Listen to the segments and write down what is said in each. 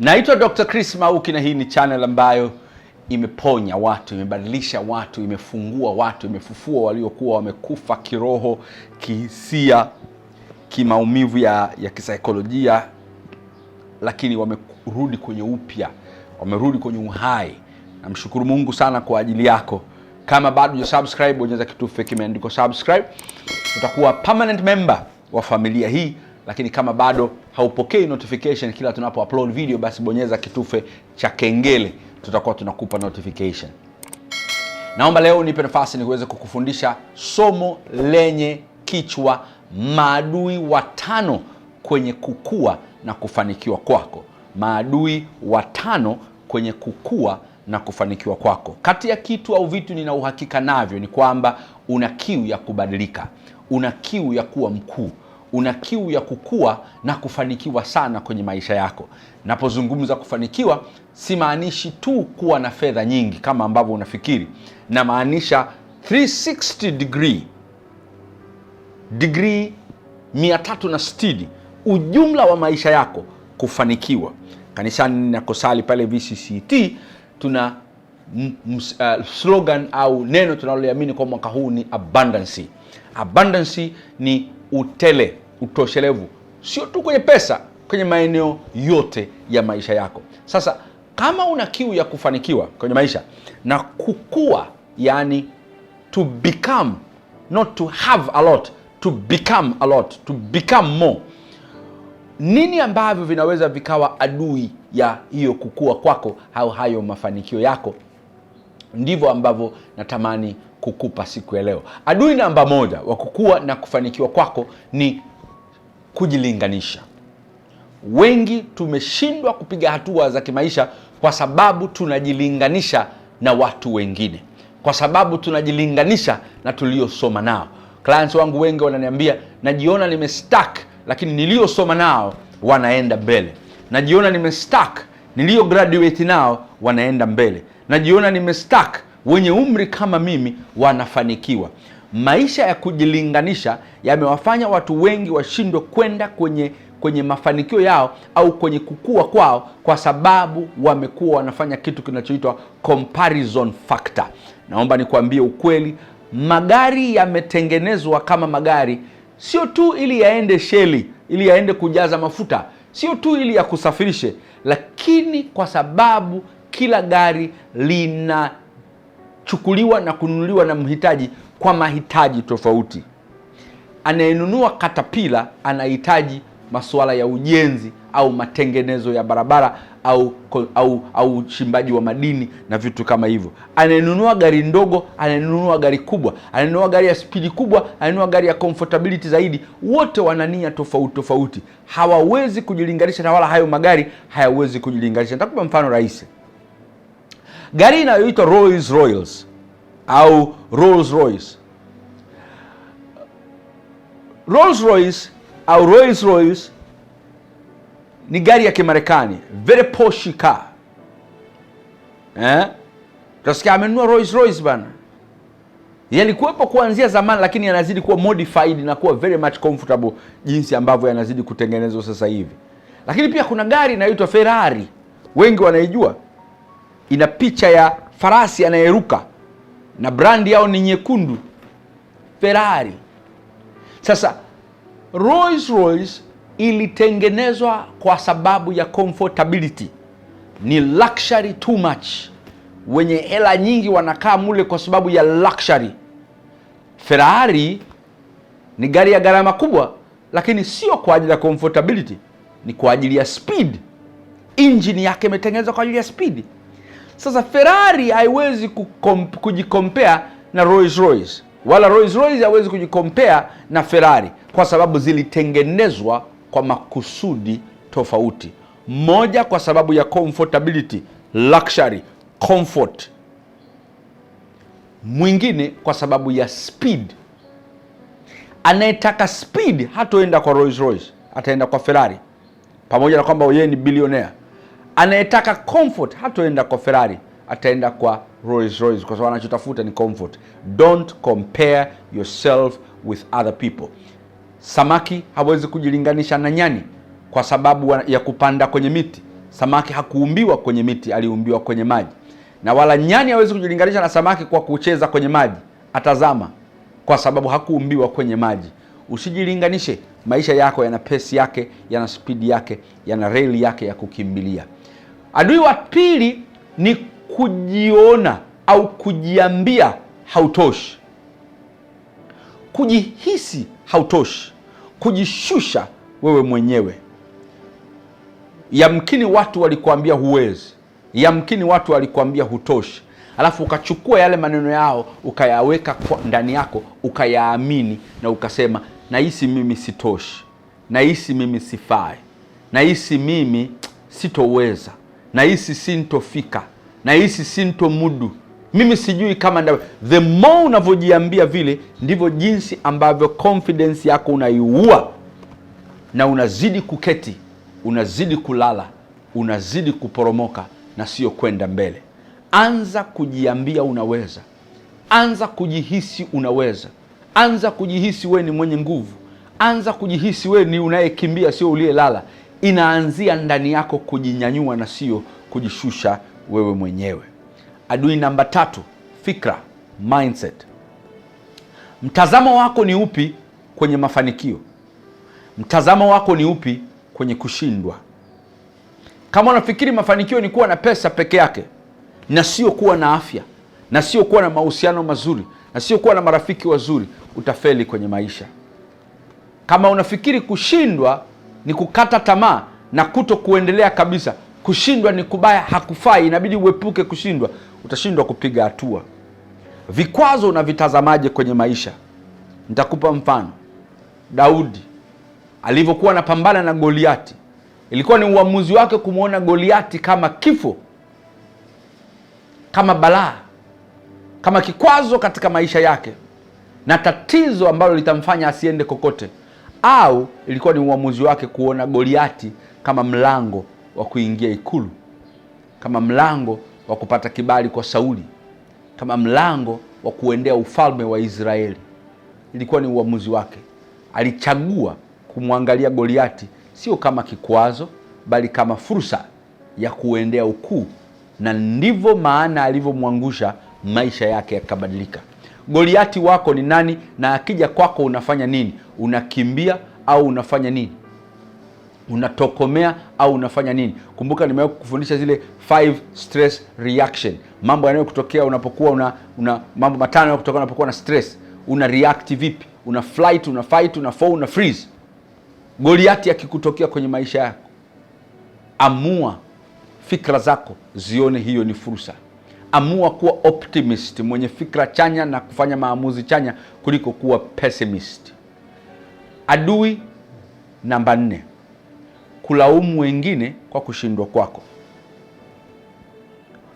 Naitwa Dr. Chris Mauki na hii ni channel ambayo imeponya watu, imebadilisha watu, imefungua watu, imefufua waliokuwa wamekufa kiroho, kihisia, kimaumivu ya, ya kisaikolojia, lakini wamerudi kwenye upya, wamerudi kwenye uhai. Namshukuru Mungu sana kwa ajili yako. Kama bado subscribe, bonyeza kitufe kimeandikwa subscribe, utakuwa permanent member wa familia hii lakini kama bado haupokei notification kila tunapo upload video, basi bonyeza kitufe cha kengele, tutakuwa tunakupa notification. Naomba leo nipe nafasi niweze kukufundisha somo lenye kichwa maadui watano kwenye kukua na kufanikiwa kwako. Maadui watano kwenye kukua na kufanikiwa kwako. Kati ya kitu au vitu nina uhakika navyo ni kwamba una kiu ya kubadilika, una kiu ya kuwa mkuu una kiu ya kukua na kufanikiwa sana kwenye maisha yako. Napozungumza kufanikiwa, simaanishi tu kuwa na fedha nyingi kama ambavyo unafikiri, namaanisha 360 degree, degree 360, ujumla wa maisha yako kufanikiwa. Kanisani ninakosali pale VCCT tuna uh, slogan au neno tunaloamini kwa mwaka huu ni abundance Abundance ni utele, utoshelevu, sio tu kwenye pesa, kwenye maeneo yote ya maisha yako. Sasa kama una kiu ya kufanikiwa kwenye maisha na kukua, yani to become, not to have a lot, to become a lot, to become more, nini ambavyo vinaweza vikawa adui ya hiyo kukua kwako au hayo mafanikio yako? Ndivyo ambavyo natamani kukupa siku ya leo. Adui namba moja wa kukua na kufanikiwa kwako ni kujilinganisha. Wengi tumeshindwa kupiga hatua za kimaisha kwa sababu tunajilinganisha na watu wengine, kwa sababu tunajilinganisha na tuliosoma nao. Clients wangu wengi wananiambia, najiona nimestak lakini niliosoma nao wanaenda mbele. Najiona nimestack, niliyo graduate nao wanaenda mbele. Najiona nimestack wenye umri kama mimi wanafanikiwa. Maisha ya kujilinganisha yamewafanya watu wengi washindwe kwenda kwenye kwenye mafanikio yao au kwenye kukua kwao, kwa sababu wamekuwa wanafanya kitu kinachoitwa comparison factor. Naomba nikuambie ukweli, magari yametengenezwa kama magari, sio tu ili yaende sheli, ili yaende kujaza mafuta, sio tu ili yakusafirishe, lakini kwa sababu kila gari lina kuchukuliwa na kununuliwa na mhitaji kwa mahitaji tofauti. Anayenunua katapila anahitaji masuala ya ujenzi au matengenezo ya barabara au au au uchimbaji wa madini na vitu kama hivyo. Anayenunua gari ndogo, anayenunua gari kubwa, anayenunua gari ya spidi kubwa, anayenunua gari ya comfortability zaidi, wote wana nia tofauti tofauti, hawawezi kujilinganisha na wala hayo magari hayawezi kujilinganisha. Nitakupa mfano rahisi gari inayoitwa Rolls Royals au Rolls Royce. Rolls Royce au Rolls Royce ni gari ya Kimarekani, very posh car eh? Utasikia amenunua Rolls Royce bana. Yalikuwepo kuanzia zamani, lakini yanazidi kuwa modified na kuwa very much comfortable jinsi ambavyo yanazidi kutengenezwa sasa hivi. Lakini pia kuna gari inayoitwa Ferrari, wengi wanaijua ina picha ya farasi anayeruka na brandi yao ni nyekundu, Ferrari. Sasa Rolls Royce ilitengenezwa kwa sababu ya comfortability, ni luxury too much. Wenye hela nyingi wanakaa mule kwa sababu ya luxury. Ferrari ni gari ya gharama kubwa, lakini sio kwa ajili ya comfortability, ni kwa ajili ya speed. Injini yake imetengenezwa kwa ajili ya speed. Sasa Ferrari haiwezi kujikompea na Rolls Royce wala Rolls Royce haiwezi kujikompea na Ferrari kwa sababu zilitengenezwa kwa makusudi tofauti. Moja kwa sababu ya comfortability, luxury, comfort. Mwingine kwa sababu ya speed. Anayetaka speed hatoenda kwa Rolls Royce, ataenda kwa Ferrari, pamoja na kwamba yeye ni bilionea Anayetaka comfort hatoenda kwa Ferrari, ataenda kwa Rolls Royce kwa sababu anachotafuta ni comfort. Don't compare yourself with other people. Samaki hawezi kujilinganisha na nyani kwa sababu ya kupanda kwenye miti. Samaki hakuumbiwa kwenye miti, aliumbiwa kwenye maji, na wala nyani hawezi kujilinganisha na samaki kwa kucheza kwenye maji, atazama kwa sababu hakuumbiwa kwenye maji. Usijilinganishe. Maisha yako yana pesi yake, yana spidi yake, yana reli yake ya kukimbilia. Adui wa pili ni kujiona au kujiambia hautoshi, kujihisi hautoshi, kujishusha wewe mwenyewe. Yamkini watu walikuambia huwezi, yamkini watu walikuambia hutoshi, alafu ukachukua yale maneno yao ukayaweka ndani yako ukayaamini, na ukasema nahisi mimi sitoshi, nahisi mimi sifai, nahisi mimi sitoweza nahisi sintofika, nahisi sintomudu, mimi sijui kama nda. The more unavyojiambia vile, ndivyo jinsi ambavyo confidence yako unaiua, na unazidi kuketi, unazidi kulala, unazidi kuporomoka na sio kwenda mbele. Anza kujiambia unaweza, anza kujihisi unaweza, anza kujihisi wee ni mwenye nguvu, anza kujihisi wee ni unayekimbia, sio uliyelala inaanzia ndani yako kujinyanyua na sio kujishusha wewe mwenyewe. Adui namba tatu, fikra mindset. Mtazamo wako ni upi kwenye mafanikio? Mtazamo wako ni upi kwenye kushindwa? Kama unafikiri mafanikio ni kuwa na pesa peke yake na sio kuwa na afya na sio kuwa na mahusiano mazuri na sio kuwa na marafiki wazuri, utafeli kwenye maisha. Kama unafikiri kushindwa ni kukata tamaa na kuto kuendelea kabisa. Kushindwa ni kubaya, hakufai, inabidi uepuke kushindwa. Utashindwa kupiga hatua. Vikwazo unavitazamaje kwenye maisha? Nitakupa mfano. Daudi alivyokuwa anapambana na Goliati, ilikuwa ni uamuzi wake kumwona Goliati kama kifo, kama balaa, kama kikwazo katika maisha yake na tatizo ambalo litamfanya asiende kokote au ilikuwa ni uamuzi wake kuona Goliati kama mlango wa kuingia ikulu, kama mlango wa kupata kibali kwa Sauli, kama mlango wa kuendea ufalme wa Israeli. Ilikuwa ni uamuzi wake. Alichagua kumwangalia Goliati sio kama kikwazo, bali kama fursa ya kuendea ukuu, na ndivyo maana alivyomwangusha, maisha yake yakabadilika. Goliati wako ni nani, na akija kwako unafanya nini? Unakimbia au unafanya nini? Unatokomea au unafanya nini? Kumbuka nimewahi kufundisha zile five stress reaction, mambo yanayokutokea unapokuwa una, una mambo matano yanayokutokea unapokuwa na stress. Una react vipi? Una flight, una fight, una fall, una freeze. Goliati akikutokea kwenye maisha yako, amua fikra zako zione hiyo ni fursa amua kuwa optimist, mwenye fikra chanya na kufanya maamuzi chanya kuliko kuwa pessimist. Adui namba nne, kulaumu wengine kwa kushindwa kwako.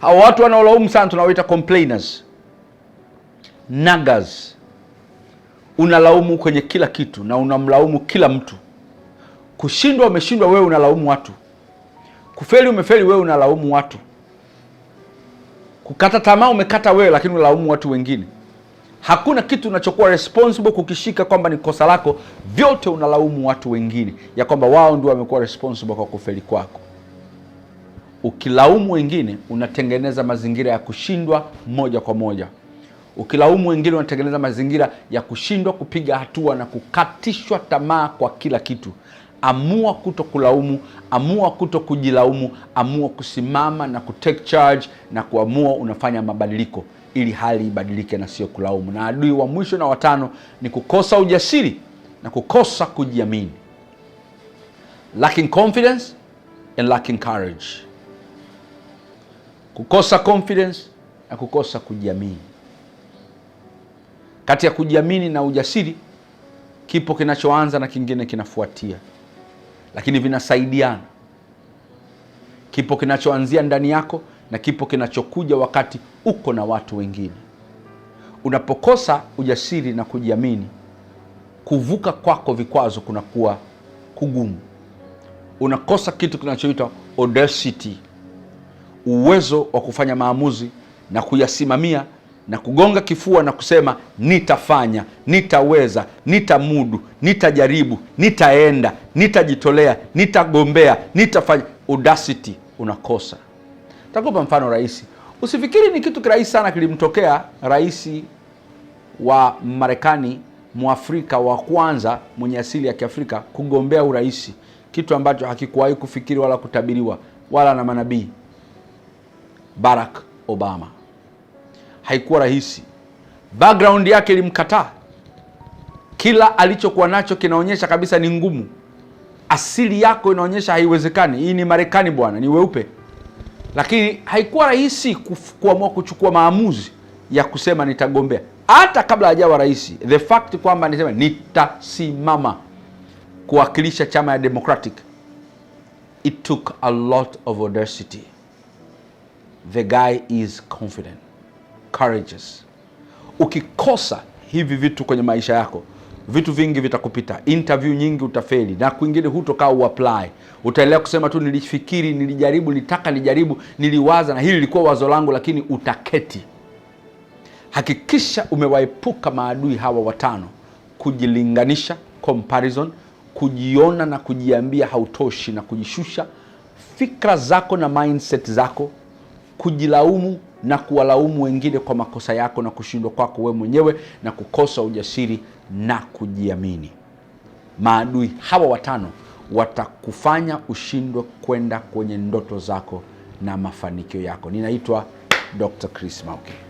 Hawa watu wanaolaumu sana tunawaita complainers, nagas. Unalaumu kwenye kila kitu na unamlaumu kila mtu. Kushindwa umeshindwa wewe, unalaumu watu. Kufeli umefeli wewe, unalaumu watu. Kukata tamaa umekata wewe, lakini unalaumu watu wengine. Hakuna kitu unachokuwa responsible kukishika kwamba ni kosa lako, vyote unalaumu watu wengine, ya kwamba wao ndio wamekuwa responsible kwa kufeli kwako. Ukilaumu wengine unatengeneza mazingira ya kushindwa moja kwa moja. Ukilaumu wengine unatengeneza mazingira ya kushindwa kupiga hatua na kukatishwa tamaa kwa kila kitu. Amua kuto kulaumu, amua kuto kujilaumu, amua kusimama na kutake charge na kuamua unafanya mabadiliko ili hali ibadilike na sio kulaumu. Na adui wa mwisho na watano ni kukosa ujasiri na kukosa kujiamini, lacking confidence and lacking courage, kukosa confidence na kukosa kujiamini. Kati ya kujiamini na ujasiri kipo kinachoanza na kingine kinafuatia lakini vinasaidiana. Kipo kinachoanzia ndani yako na kipo kinachokuja wakati uko na watu wengine. Unapokosa ujasiri na kujiamini, kuvuka kwako vikwazo kunakuwa kugumu. Unakosa kitu kinachoitwa audacity, uwezo wa kufanya maamuzi na kuyasimamia na kugonga kifua na kusema nitafanya, nitaweza, nitamudu, nitajaribu, nitaenda, nitajitolea, nitagombea, nitafanya. Audacity unakosa. Takupa mfano rahisi, usifikiri ni kitu kirahisi sana kilimtokea rais wa Marekani mwafrika wa kwanza mwenye asili ya kiafrika kugombea urais, kitu ambacho hakikuwahi kufikiri wala kutabiriwa wala na manabii, Barack Obama haikuwa rahisi. Background yake ilimkataa, kila alichokuwa nacho kinaonyesha kabisa ni ngumu. Asili yako inaonyesha haiwezekani. Hii ni Marekani bwana, ni weupe, lakini haikuwa rahisi kuamua kuchukua maamuzi ya kusema nitagombea. Hata kabla hajawa rais, the fact kwamba nisema nitasimama kuwakilisha chama ya Democratic, it took a lot of audacity. The guy is confident courageous. Ukikosa hivi vitu kwenye maisha yako vitu vingi vitakupita, interview nyingi utafeli na kwingine hutokaa uapply. utaelewa kusema tu nilifikiri, nilijaribu, nitaka nijaribu, niliwaza na hili lilikuwa wazo langu, lakini utaketi. Hakikisha umewaepuka maadui hawa watano: kujilinganisha, comparison, kujiona na kujiambia hautoshi na kujishusha, fikra zako na mindset zako kujilaumu na kuwalaumu wengine kwa makosa yako na kushindwa kwako wewe mwenyewe na kukosa ujasiri na kujiamini. Maadui hawa watano watakufanya ushindwe kwenda kwenye ndoto zako na mafanikio yako. Ninaitwa Dr. Chris Mauki.